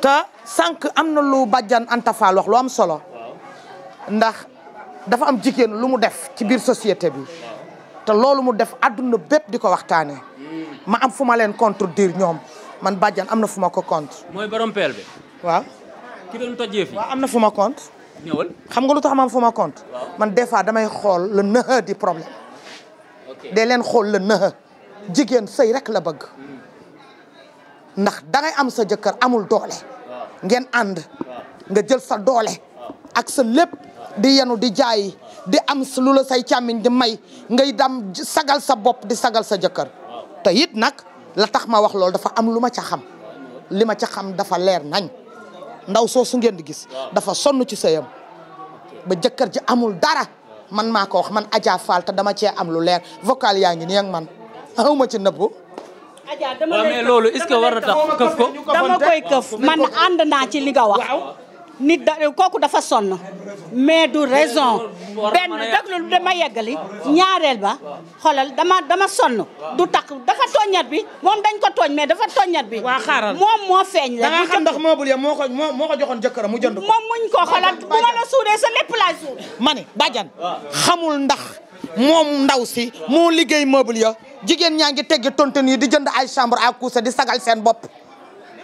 ta sànq am na lu bàjjan Anta Fall wax lu am solo ndax dafa am jigéen lu mu def ci biir société bi te loolu mu def àdduna bépp di ko waxtaanee ma am fu ma leen contredire ñoom man bàjjan am na fu ma ko contre. mooy borom peel bi. waaw. ki doon am na fu ma contre. xam nga lu tax ma fu ma contre. man des fois damay xool le nëhë di problème. de leen xool le nëhë. jigéen sëy rek la bëgg. Mm. ndax dangay am sa jëkkër amul doole ngeen ànd nga jël sa doole ak sa lépp di yenu di jaay di am lu la say càmmiñ di may ngay dam sagal sa bopp di sagal sa jëkkër te it nag la tax ma wax loolu dafa am lu ma ca xam li ma ca xam dafa leer nañ ndaw soosu ngeen di gis dafa sonn ci sëyam ba jëkkër ji amul dara man maa ko wax man Adja Fall te dama cee am lu leer vocal yaa ngi nii ak man xawma ci nëbbu waaw mais loolu est-ce que war na tax këf ko. dama koy këf man ànd naa ci li nga wax. nit da kooku dafa sonn. mais du raison. benn déglu dama yeggali ñaareel ba. xoolal dama dama sonn. du tax dafa tooñat bi moom dañ ko tooñ mais dafa tooñat bi. waa xaaral moom moo feeñ la. da ngaa xam moo ko joxoon jëkkëram mu jënd ko. moom muñ ko xoolal bu ma la suudee sa lépp laay suud. ma ne Badiane xamul ndax moom ndaw si moo liggéey meuble ya. jigéen ñaa ngi teggi tonton yi di jënd ay chambre a coucher di sagal seen bopp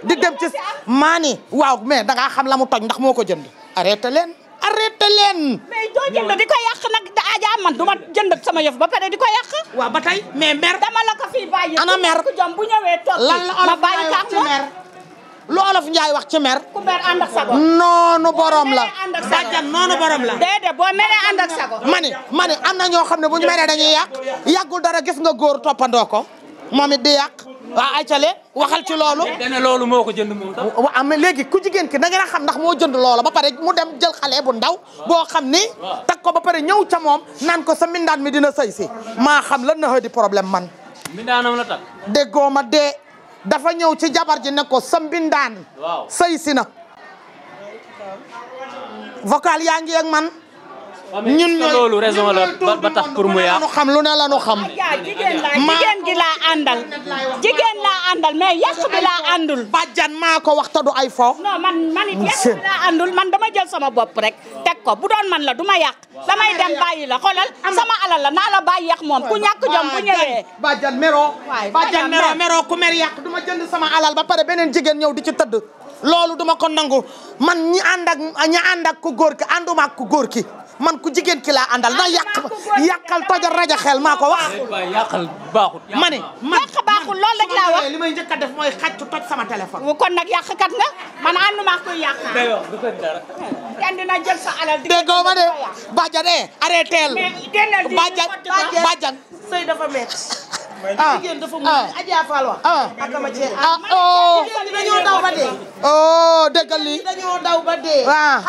di dem ci maani waaw mais da ngaa xam la mu toj ndax moo ko jënd arrêté leen arrêté leen mais doo jënd di ko yàq nag da ajaa man du jënd sama yëf ba pare di ko yàq waa ba tey mais mère dama la a fii bàyyi ana mère ku jom bu toog lan la ma bàyyi lu olof Njaay wax ci mer. ku mer ànd ak sago. noonu borom la. bàjjan noonu borom la. déedéet boo meree ma ni ma ni am na ñoo xam ne bu ñu meree dañuy yàq yàggul dara gis nga góor toppandoo ko moom it di yàq. waaw aycale waxal ci loolu. dana loolu moo ko jënd moom tam. waaw léegi ku jigéen ki da ngeen xam ndax moo jënd loolu ba pare mu dem jël xale bu ndaw. boo xam ni. tag ko ba pare ñëw ca moom naan ko sa mindaan mi dina sëy si. maa xam lan na di problème man. mindaanam la tag dafa ñëw ci jabar ji ne ko sa mbindaan sëy si na vocal yaa ngi ak man ñun ñooy loolu raison la ba tax pour mu yaa xam lu ne la ñu xam àndal jigéen laa àndal mais yàq bi laa àndul. bàjjan maa ko wax te ay fo. non man man it yàq bi man dama jël sama bopp rek teg ko bu doon man la du ma yàq damay dem la xoolal sama alal la naa la bàyyi yàq moom ku ñàkk jom bu ñëwee. bàjjan mero bàjjan ku mer yàq du ma sama alal ba pare beneen jigéen ñëw di ci tëdd loolu duma ko nangu man ñi ànd ak ñi ànd ku góor ki ànduma ak ku góor man ku jigéen ki laa àndal na ah, yàq yàqal tojal rajo xel maa ko wax. Eh, yàqal baaxul. ma ne man yàq wax li may njëkk a def mooy xàcc toj sama téléphone. kon nag yàqkat nga man ànduma ak koy yàq. kenn dina jël sa alal. déggoo ma de Badiane eh, arrêté. mais génnal di Badiane Badiane sëy dafa métti. ah ah ah oh. oh dëggal lii. waaw.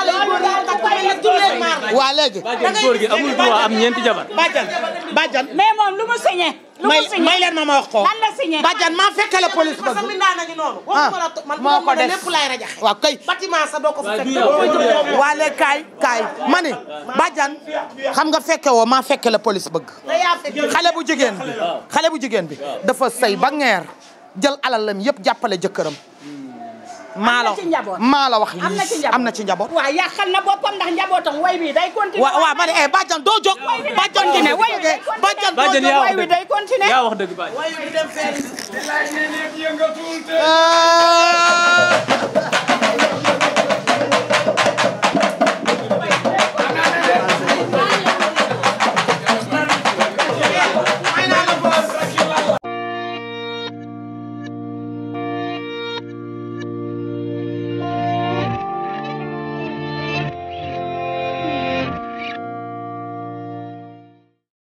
waaw léegi. góor gi amul droit am ñeenti jabar. bàjjan bàjjan mais moom lu mu sañee. may may leen ma ma wax ko. lan la signé bàjjan maa fekkale police ba. ah moo ko def waaw kay. waa léegi kaay kaay ma ne bàjjan xam nga fekke woo maa fekkale police bëgg. xale bu jigéen bi xale bu jigéen bi dafa sëy ba ngeer jël alalam yëpp jàppale jëkkëram. maa la maa la wax lii am na ci njaboot. waaw yàqal na boppam ndax njabootam way bi day continuer. waaw waaw ma ne eh bàjjan doo jóg. bàjjan gi ne way day dëgg yaa wax